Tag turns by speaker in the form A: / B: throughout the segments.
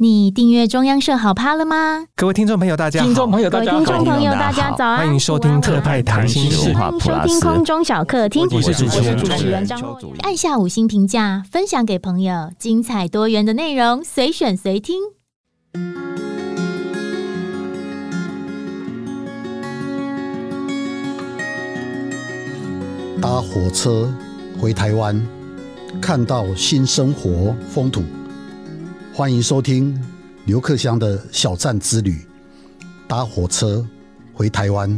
A: 你訂閱中央社好 POD 了嗎？各位聽眾朋友，大家好聽眾朋友，大家好聽眾朋友，大家早安！歡迎收聽特派談新事，收聽空中小客廳。我是主持人張洛宇。按下五星評價，分享給朋友。精彩多元的內容，隨選隨聽。搭火車回台灣，看到新生活風土。歡迎收聽劉克襄的小站之旅，搭火車回台灣。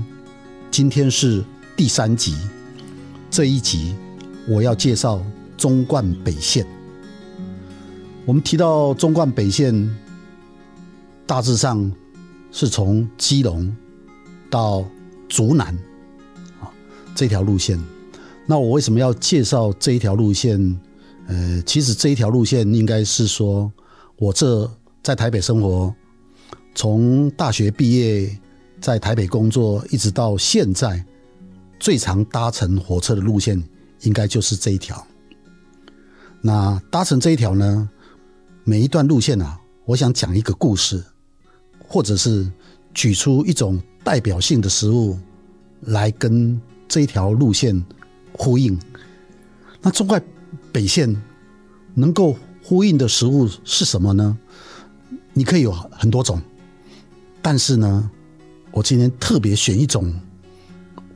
A: 今天是第三集，這一集我要介紹縱貫北線。我們提到縱貫北線，大致上是從基隆到竹南啊，這條路線。那我為什麼要介紹這一條路線？呃，其實這一條路線應該是說。我這在台北生活，從大學畢業在台北工作，一直到現在，最常搭乘火車的路線，應該就是這一條。那搭乘這一條呢，每一段路線啊，我想講一個故事，或者是舉出一種代表性的食物，來跟這一條路線呼應。那縱貫北線能夠。呼應的食物是什麼呢？你可以有很多種，但是呢，我今天特別選一種，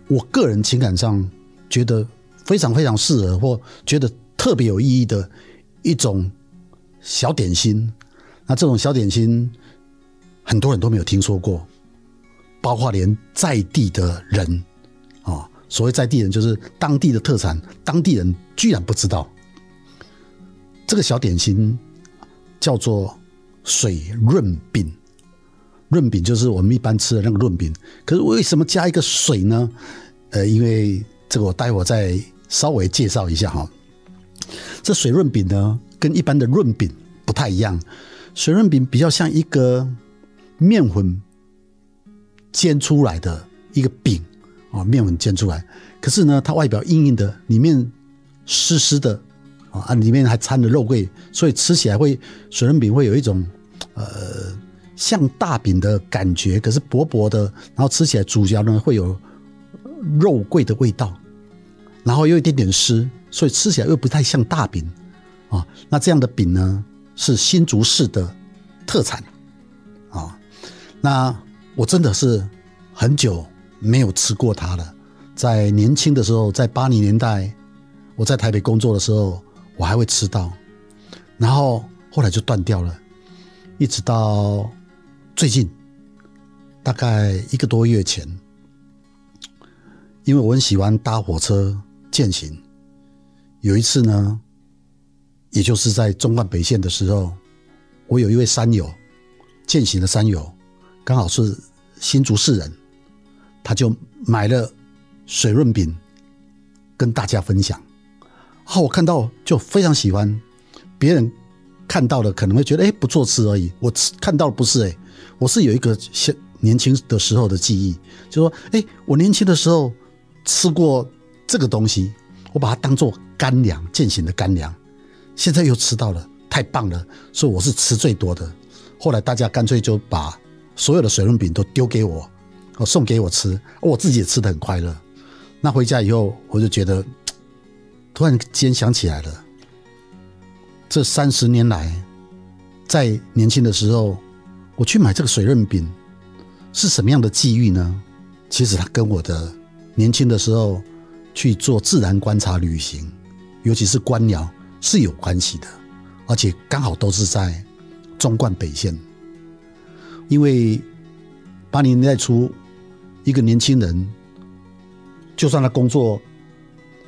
A: 我個人情感上覺得非常非常適合，或覺得特別有意義的一種小點心。那這種小點心很多人都沒有聽說過，包括連在地的人啊，所謂在地人就是當地的特產，當地人居然不知道。這個小點心叫做水潤餅，潤餅就是我們一般吃的那個潤餅。可是為什麼加一個水呢？呃，因為這個我待會再稍微介紹一下哈。這水潤餅呢，跟一般的潤餅不太一樣。水潤餅比較像一個麵粉煎出來的一個餅啊，麵粉煎出來。可是呢，它外表硬硬的，裡面濕濕的。啊，裡面還摻着肉桂，所以吃起來會水潤餅會有一種，呃，像大餅的感覺，可是薄薄的，然後吃起來咀嚼呢會有肉桂的味道，然後又一點點濕，所以吃起來又不太像大餅啊、哦。那這樣的餅呢是新竹市的特產啊、哦。那我真的是很久沒有吃過它了，在年輕的時候，在八零年代，我在台北工作的時候。我還會吃到，然後後來就斷掉了，一直到最近，大概一個多月前，因為我很喜歡搭火車健行，有一次呢，也就是在縱貫北線的時候，我有一位山友，健行的山友，剛好是新竹市人，他就買了水潤餅跟大家分享。好、啊，我看到就非常喜歡。別人看到了可能會覺得，哎，不錯吃而已。我吃看到不是哎、欸，我是有一個小年輕的時候的記憶，就說，哎，我年輕的時候吃過這個東西，我把它當做乾糧，踐行的乾糧。現在又吃到了，太棒了，所以我是吃最多的。後來大家乾脆就把所有的水潤餅都丟給我，我送給我吃，我自己也吃得很快樂。那回家以後，我就覺得。突然間想起來了，這三十年來，在年輕的時候，我去買這個水潤餅，是什麼樣的際遇呢？其實它跟我的年輕的時候去做自然觀察旅行，尤其是觀鳥是有關係的，而且剛好都是在縱貫北線。因為八零年代初，一個年輕人，就算他工作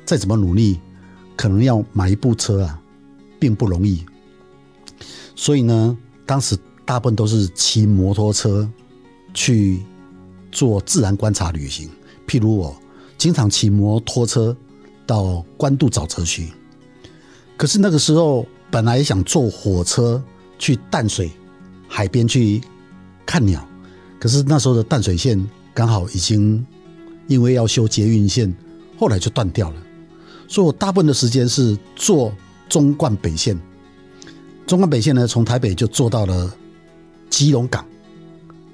A: 再怎麼努力，可能要買一部車啊，並不容易，所以呢，當時大部分都是騎摩托車去做自然觀察旅行。譬如我經常騎摩托車到關渡沼澤區，可是那個時候本來想坐火車去淡水海邊去看鳥，可是那時候的淡水線剛好已經因為要修捷運線，後來就斷掉了。所以我大部分的時間是坐縱貫北線，縱貫北線呢，從台北就坐到了基隆港，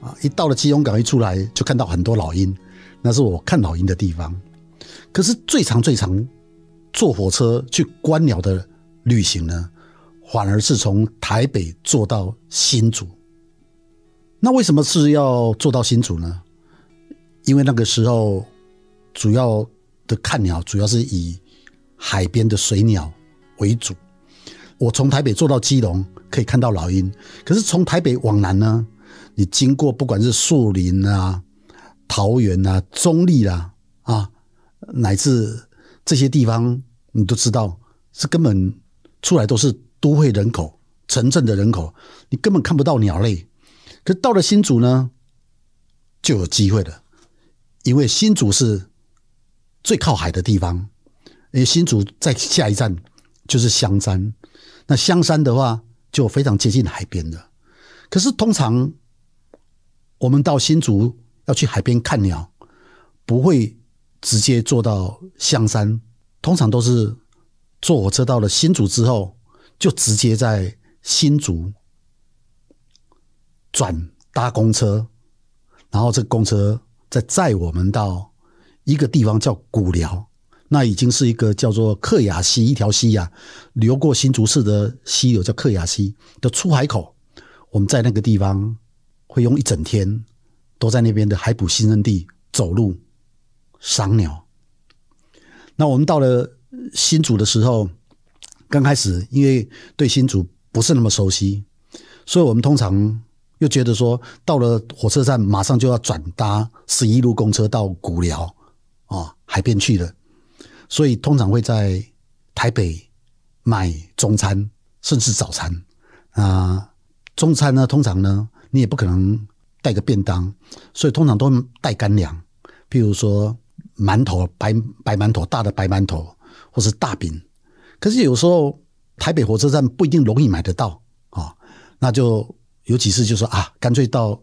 A: 啊，一到了基隆港一出來就看到很多老鷹，那是我看老鷹的地方。可是最常最常坐火車去觀鳥的旅行呢，反而是從台北坐到新竹。那為什麼是要坐到新竹呢？因為那個時候主要的看鳥，主要是以海邊的水鳥為主。我從台北坐到基隆可以看到老鷹，可是從台北往南呢，你經過不管是樹林啊、桃園啊、中壢啦啊，啊，乃至這些地方，你都知道是根本出來都是都會人口、城鎮的人口，你根本看不到鳥類。可到了新竹呢，就有機會了，因為新竹是最靠海的地方。因為新竹在下一站就是香山，那香山的話就非常接近海邊的。可是通常我們到新竹要去海邊看鳥，不會直接坐到香山，通常都是坐火車到了新竹之後，就直接在新竹轉搭公車，然後這個公車再載我們到一個地方叫罟寮。那已經是一個叫做客雅溪，一條溪呀，啊，流過新竹市的溪流，叫客雅溪的出海口。我們在那個地方會用一整天都在那邊的海埔新生地走路、賞鳥。那我們到了新竹的時候，剛開始因為對新竹不是那麼熟悉，所以我們通常又覺得說，到了火車站馬上就要轉搭十一路公車到罟寮啊、哦、海邊去了。所以通常會在台北買中餐，甚至早餐啊、呃。中餐呢，通常呢，你也不可能帶個便當，所以通常都帶乾糧，譬如說饅頭、白白饅頭、大的白饅頭，或是大餅。可是有時候台北火車站不一定容易買得到啊、哦，那就有幾次就說、是、啊，乾脆到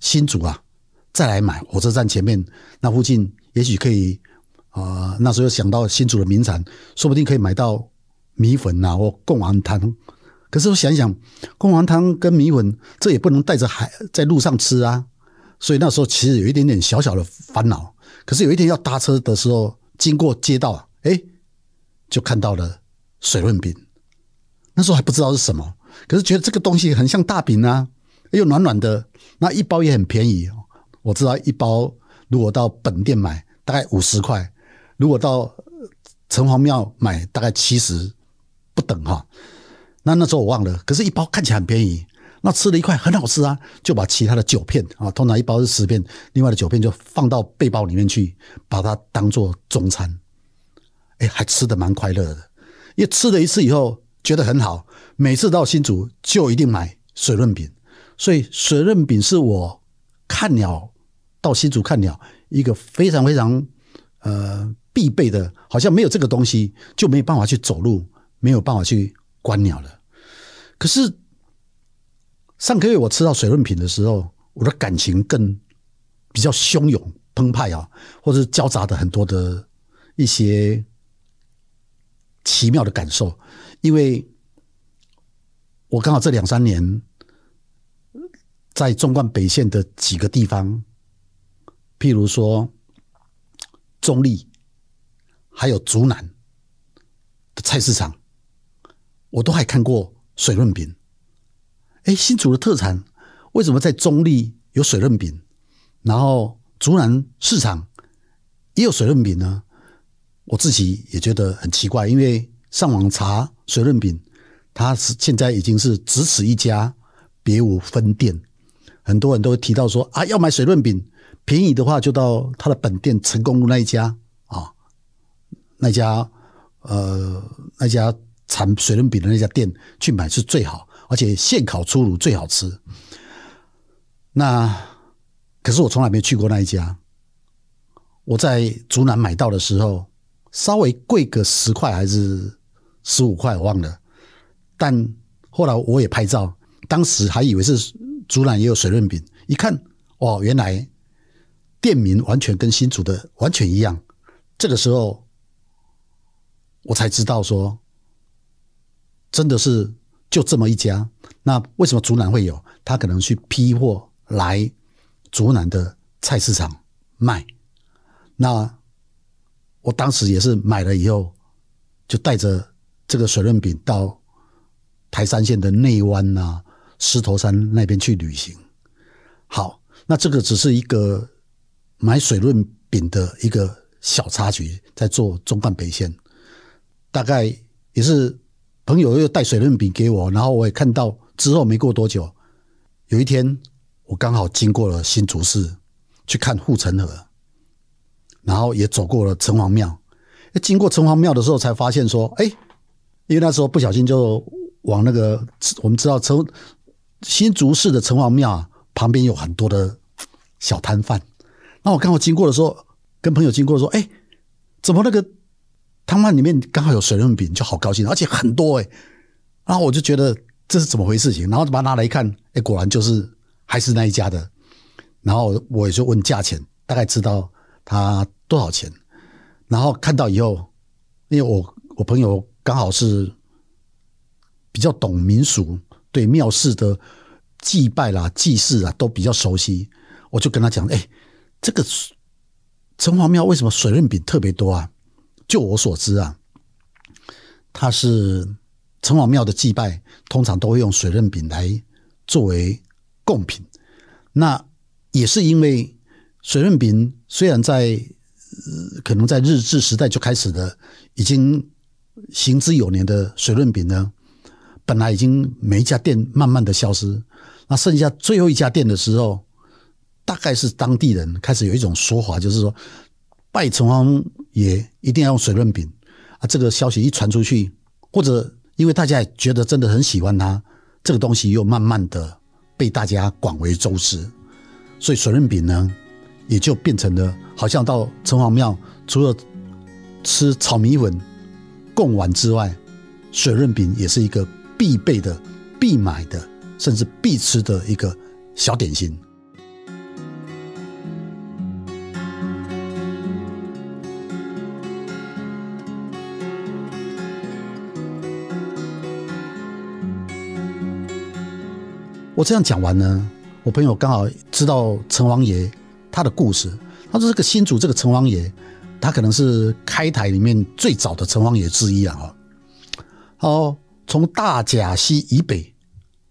A: 新竹啊再來買。火車站前面那附近也許可以。啊、呃，那時候想到新竹的名產，說不定可以買到米粉啊或貢丸湯。可是我想一想，貢丸湯跟米粉，這也不能帶着孩在路上吃啊。所以那時候其實有一點點小小的煩惱。可是有一天要搭車的時候，經過街道、啊，哎、欸，就看到了水潤餅。那時候還不知道是什麼，可是覺得這個東西很像大餅啊，又暖暖的，那一包也很便宜。我知道一包如果到本店買，大概五十塊。如果到城隍廟買，大概七十不等哈。那那時候我忘了，可是，一包看起來很便宜。那吃了一塊很好吃啊，就把其他的九片啊，通常一包是十片，另外的九片就放到背包裡面去，把它當做中餐。哎、欸，還吃得蠻快樂的。因為吃了一次以後，覺得很好，每次到新竹就一定買水潤餅。所以，水潤餅是我看鳥到新竹看鳥一個非常非常呃。必備的，好像沒有這個東西，就沒有辦法去走路，沒有辦法去觀鳥了。可是上個月我吃到水潤餅的時候，我的感情更比較洶湧澎湃啊，或者交雜的很多的一些奇妙的感受，因為我剛好這兩三年在縱貫北線的幾個地方，譬如說中壢。還有竹南的菜市場，我都還看過水潤餅。哎，新竹的特產為什麼在中壢有水潤餅，然後竹南市場也有水潤餅呢？我自己也覺得很奇怪，因為上網查水潤餅，它是現在已經是只此一家，別無分店。很多人都會提到說啊，要買水潤餅便宜的話，就到他的本店成功路那一家。那家呃，那家產水潤餅的那家店去買是最好，而且現烤出爐最好吃。那可是我從來沒去過那一家。我在竹南買到的時候，稍微貴個十塊還是十五塊，我忘了。但後來我也拍照，當時還以為是竹南也有水潤餅，一看，哇，原來店名完全跟新竹的完全一樣。這個時候。我才知道說，真的是就這麼一家。那為什麼竹南會有？他可能去批貨來竹南的菜市場賣。那我當時也是買了以後，就帶着這個水潤餅到台三線的內灣啊，獅頭山那邊去旅行。好，那這個只是一個買水潤餅的一個小插曲，在做縱貫北線。大概也是朋友又帶水潤餅給我，然後我也看到之後沒過多久，有一天我剛好經過了新竹市去看護城河，然後也走過了城隍廟。經過城隍廟的時候，才發現說，哎、欸，因為那時候不小心就往那個我們知道城新竹市的城隍廟啊旁邊有很多的小攤販，那我剛好經過的時候，跟朋友經過說，哎、欸，怎麼那個？他們那裡面剛好有水潤餅，就好高興，而且很多誒、欸、然後我就覺得這是怎麼回事情，然後把它拿來一看，誒、欸、果然就是還是那一家的。然後我也就問價錢，大概知道它多少錢。然後看到以後，因為我我朋友剛好是比較懂民俗，對廟寺的祭拜啦、祭祀啊都比較熟悉，我就跟他講：哎、欸，這個城隍廟為什麼水潤餅特別多啊？就我所知啊，他是城隍廟的祭拜，通常都會用水潤餅來作為貢品。那也是因為水潤餅雖然在、呃、可能在日治時代就開始的，已經行之有年的水潤餅呢，本來已經每一家店慢慢的消失，那剩下最後一家店的時候，大概是當地人開始有一種說法，就是說拜城隍。也一定要用水潤餅啊！這個消息一傳出去，或者因為大家也覺得真的很喜歡它，這個東西又慢慢的被大家廣為周知，所以水潤餅呢，也就變成了好像到城隍廟除了吃炒米粉、貢丸之外，水潤餅也是一個必備的、必買的，甚至必吃的一個小點心。這樣講完呢，我朋友剛好知道城隍爺他的故事，他說，這個新竹這個城隍爺，他可能是開台裡面最早的城隍爺之一啊。哦，從大甲溪以北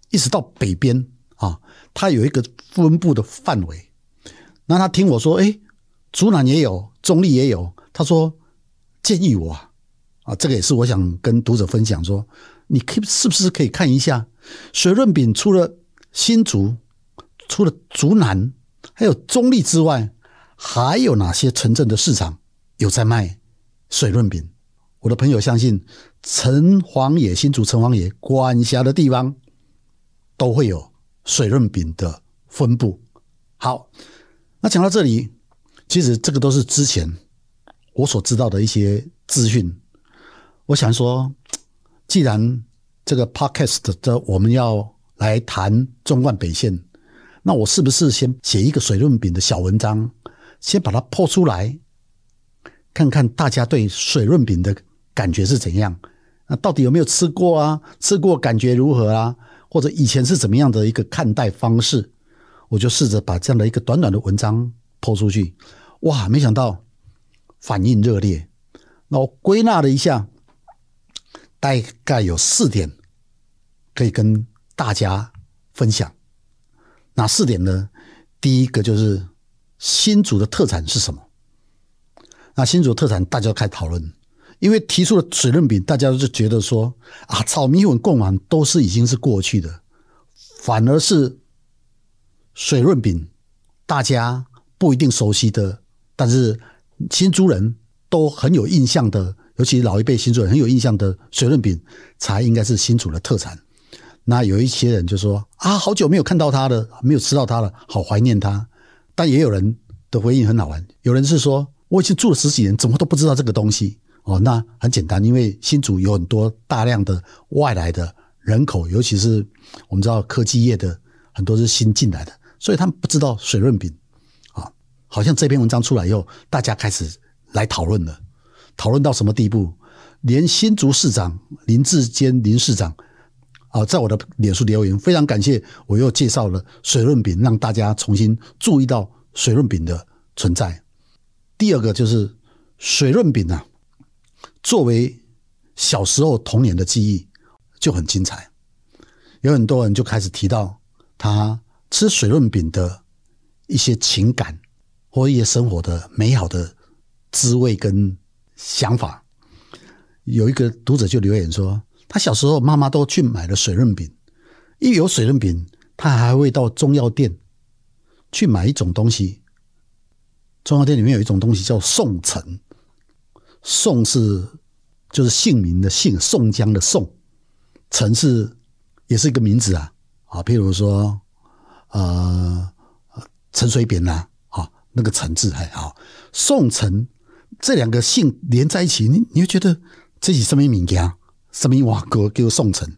A: 一直到北邊啊、哦，他有一個分布的範圍。那他聽我說，誒，竹南也有，中立也有。他說建議我，啊、哦，這個也是我想跟讀者分享說，說你可以是不是可以看一下水潤餅出了。新竹除了竹南，還有中壢之外，還有哪些城鎮的市場有在賣水潤餅？我的朋友相信，城隍爺、新竹城隍爺管轄的地方都會有水潤餅的分布。好，那講到這裡，其實這個都是之前我所知道的一些資訊。我想說，既然這個 podcast 的我們要。來談縱貫北線，那我是不是先寫一個水潤餅的小文章，先把它拋出來，看看大家對水潤餅的感覺是怎樣？那到底有沒有吃過啊？吃過感覺如何啊？或者以前是怎麼樣的一個看待方式？我就試着把這樣的一個短短的文章拋出去，哇，沒想到反應熱烈。那我歸納了一下，大概有四點可以跟大家分享哪四點呢？第一個就是新竹的特產是什麼？那新竹特產大家開始討論，因為提出了水潤餅，大家就覺得說啊，炒米粉、貢丸都是已經是過去的，反而是水潤餅，大家不一定熟悉的，但是新竹人都很有印象的，尤其老一輩新竹人很有印象的水潤餅，才應該是新竹的特產。那有一些人就說啊，好久沒有看到他了，沒有吃到他了，好懷念他。但也有人的回應很好玩，有人是說我已經住了十幾年，怎麼都不知道這個東西。哦，那很簡單，因為新竹有很多大量的外來的人口，尤其是我們知道科技業的很多是新進來的，所以他們不知道水潤餅啊。哦，好像這篇文章出來以後，大家開始來討論了，討論到什麼地步？連新竹市長林智堅林市長。啊，在我的臉書留言，非常感謝，我又介紹了水潤餅，讓大家重新注意到水潤餅的存在。第二個就是水潤餅啊，作為小時候童年的記憶，就很精彩。有很多人就開始提到他吃水潤餅的一些情感或一些生活的美好的滋味跟想法。有一個讀者就留言說。他小時候，媽媽都去買了水潤餅。一有水潤餅，他還會到中藥店去買一種東西。中藥店裡面有一種東西叫宋陳，宋是就是姓名的姓，宋江的宋，陳是也是一個名字啊。啊，譬如說，呃，陳水扁吶，啊，那個陳字還好，哦。宋陳這兩個姓連在一起，你你會覺得自己是名名家？什麼瓦格？給我宋陳，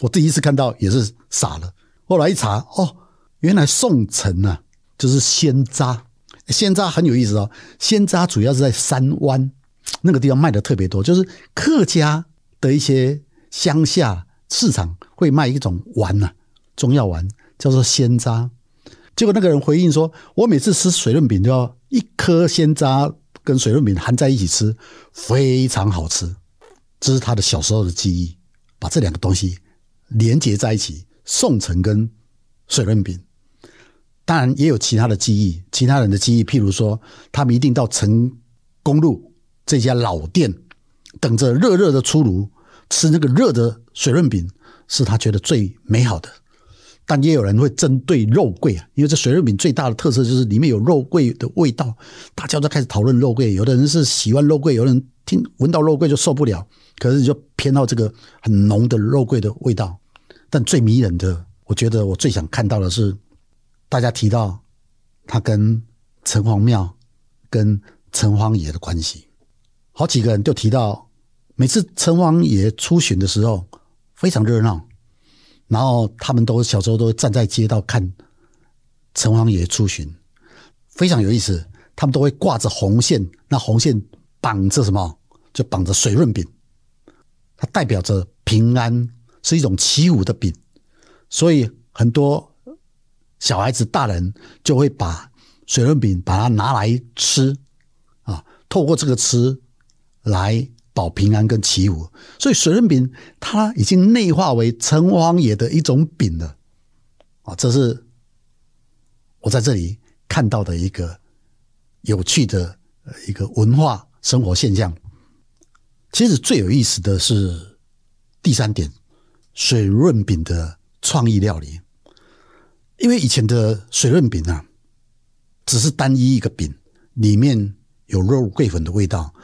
A: 我第一次看到也是傻了。後來一查，哦，原來宋陳啊就是仙楂，仙楂很有意思哦。仙楂主要是在三灣那個地方賣的特別多，就是客家的一些鄉下市場會賣一種丸吶、啊，中藥丸叫做仙楂，結果那個人回應說：“我每次吃水潤餅都要一顆仙楂跟水潤餅含在一起吃，非常好吃。”這是他的小時候的記憶，把這兩個東西連接在一起，宋陳跟水潤餅。當然也有其他的記憶，其他人的記憶，譬如說，他們一定到成功路這家老店，等着熱熱的出爐，吃那個熱的水潤餅，是他覺得最美好的。但也有人會針對肉桂啊，因為這水潤餅最大的特色就是裡面有肉桂的味道，大家都開始討論肉桂，有的人是喜歡肉桂，有的人聽聞到肉桂就受不了。可是你就偏好這個很濃的肉桂的味道，但最迷人的，我覺得我最想看到的是，大家提到他跟城隍廟跟城隍爺的關係，好幾個人就提到，每次城隍爺出巡的時候非常熱鬧，然後他們都小時候都站在街道看城隍爺出巡，非常有意思，他們都會掛着紅線，那紅線綁着什麼？就綁着水潤餅。它代表着平安，是一種祈福的餅，所以很多小孩子、大人就會把水潤餅把它拿來吃，啊，透過這個吃來保平安跟祈福，所以水潤餅它已經內化為城隍爺的一種餅了，啊，這是我在這裡看到的一個有趣的呃一個文化生活現象。其實最有意思的是第三點，水潤餅的創意料理。因為以前的水潤餅啊，只是單一一個餅，裡面有肉桂粉的味道。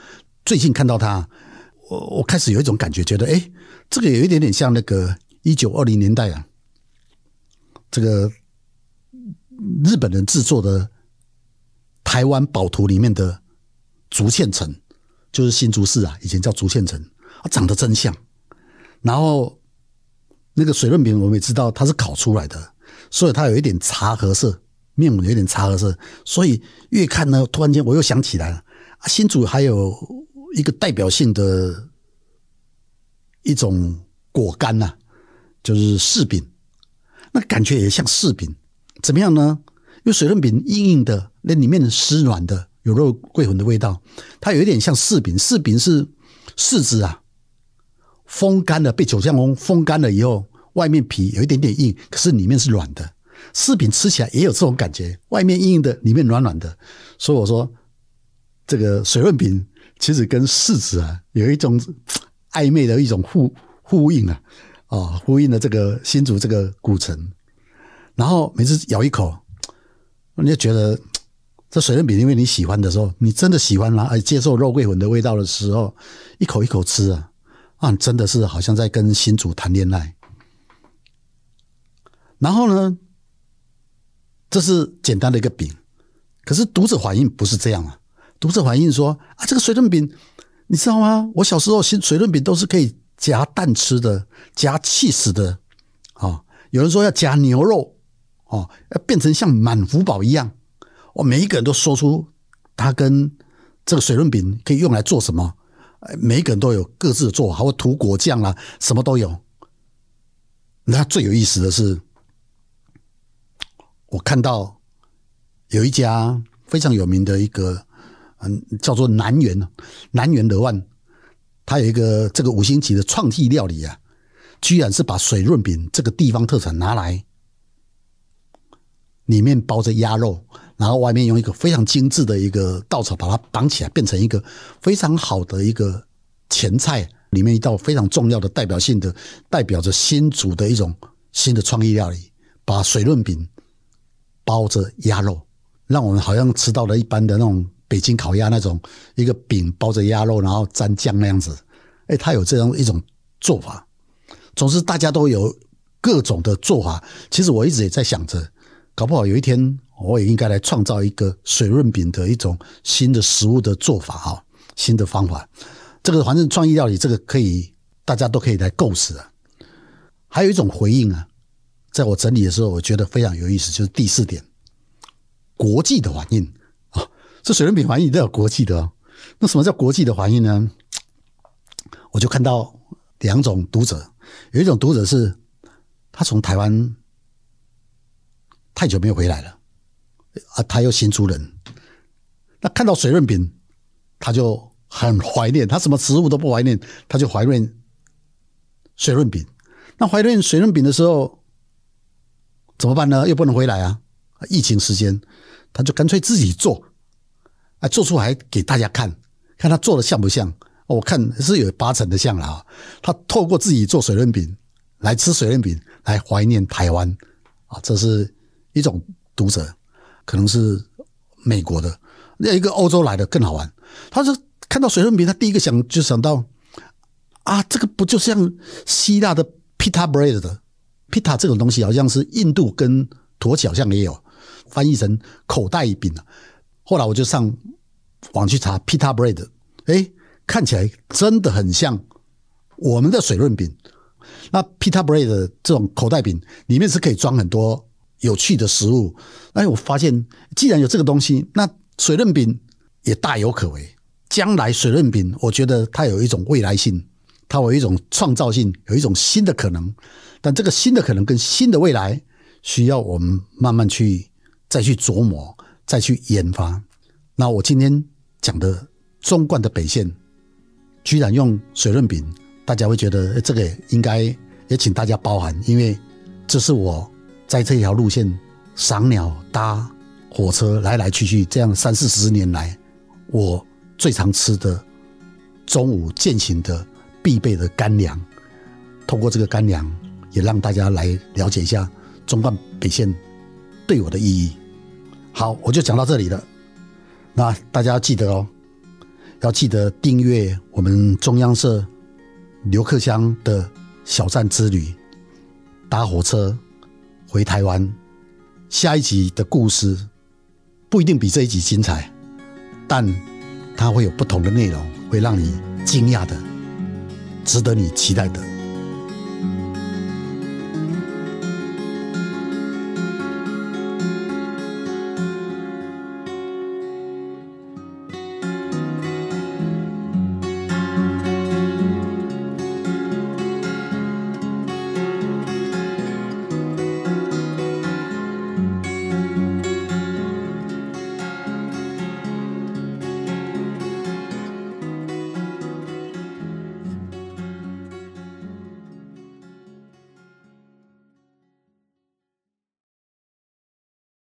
A: 最近看到它，我我開始有一種感覺，覺得誒，這個有一點點像那個一九二零年代啊，這個日本人制作的台灣寶圖裡面的竹塹城。就是新竹市啊，以前叫竹塹城，啊長得真像。然後那個水潤餅，我們也知道它是烤出來的，所以它有一點茶褐色，麵粉有一點茶褐色，所以越看呢，突然間我又想起來了，新竹還有一個代表性的一種果乾吶、啊，就是柿餅，那感覺也像柿餅，怎麼樣呢？因為水潤餅硬硬的，那裡面濕軟的。有肉桂粉的味道，它有一點像柿餅，柿餅是柿子啊，風乾了，被九降風風乾了以後，外面皮有一點點硬，可是裡面是軟的。柿餅吃起來也有這種感覺，外面硬硬的，裡面軟軟的。所以我說，這個水潤餅其實跟柿子啊有一種曖昧的一種呼呼應啊，啊、哦，呼應了這個新竹這個古城。然後每次咬一口，你就覺得。這水潤餅，因為你喜歡的時候，你真的喜歡啦、啊，哎，接受肉桂粉的味道的時候，一口一口吃啊，啊，你真的是好像在跟新竹談戀愛。然後呢，這是簡單的一個餅，可是讀者反應不是這樣啊。讀者反應說啊，這個水潤餅，你知道嗎？我小時候水潤餅都是可以夾蛋吃的，夾起司的啊、哦。有人說要夾牛肉啊、哦，要變成像滿福堡一樣。我每一個人都說出他跟這個水潤餅可以用來做什麼，每一個人都有各自的做法，會塗果醬啦、啊，什麼都有。那最有意思的是，我看到有一家非常有名的一個，嗯，叫做南園，南園德萬，他有一個這個五星級的創意料理啊，居然是把水潤餅這個地方特產拿來，裡面包着鴨肉。然後外面用一個非常精緻的一個稻草把它綁起來，變成一個非常好的一個前菜，裡面一道非常重要的代表性的，代表着新竹的一種新的創意料理，把水潤餅包着鴨肉，讓我們好像吃到了一般的那種北京烤鴨那種一個餅包着鴨肉，然後沾醬那樣子。哎，他有這樣一種做法，總之大家都有各種的做法。其實我一直也在想着，搞不好有一天。我也應該來創造一個水潤餅的一種新的食物的做法啊、哦，新的方法。這個反正創意料理，這個可以大家都可以來構思啊。還有一種回應啊，在我整理的時候，我覺得非常有意思，就是第四點，國際的反應啊。這水潤餅反應都有國際的，哦，那什麼叫國際的反應呢？我就看到兩種讀者，有一種讀者是他從台灣太久沒有回來了。啊，他又新竹人，那看到水潤餅，他就很懷念。他什麼食物都不懷念，他就懷念水潤餅。那懷念水潤餅的時候，怎麼辦呢？又不能回來啊，啊疫情時間，他就乾脆自己做，啊，做出來給大家看看他做的像不像？我看是有八成的像了啊。他透過自己做水潤餅來吃水潤餅，來懷念台灣啊，這是一種讀者。可能是美國的，那一個歐洲來的更好玩。他說看到水潤餅，他第一個想就想到啊，這個不就像希臘的 pita bread 的 pita 這種東西，好像是印度跟土耳其好像也有，翻譯成口袋餅啊。後來我就上網去查 pita bread 哎、欸，看起來真的很像我們的水潤餅。那 pita bread 這種口袋餅裡面是可以裝很多。有趣的食物，哎，我發現既然有這個東西，那水潤餅也大有可為。將來水潤餅，我覺得它有一種未來性，它有一種創造性，有一種新的可能。但這個新的可能跟新的未來，需要我們慢慢去再去琢磨，再去研發。那我今天講的縱貫的北線，居然用水潤餅，大家會覺得這個應該也請大家包涵，因為這是我。在這條路線賞鳥、搭火車來來去去，這樣三四十年來，我最常吃的中午踐行的必備的乾糧。通過這個乾糧，也讓大家來了解一下縱貫北線對我的意義。好，我就講到這裡了。那大家要記得哦，要記得訂閱我們中央社劉克襄的小站之旅搭火車回台灣，下一集的故事不一定比這一集精彩，但它會有不同的內容，會讓你驚訝的，值得你期待的。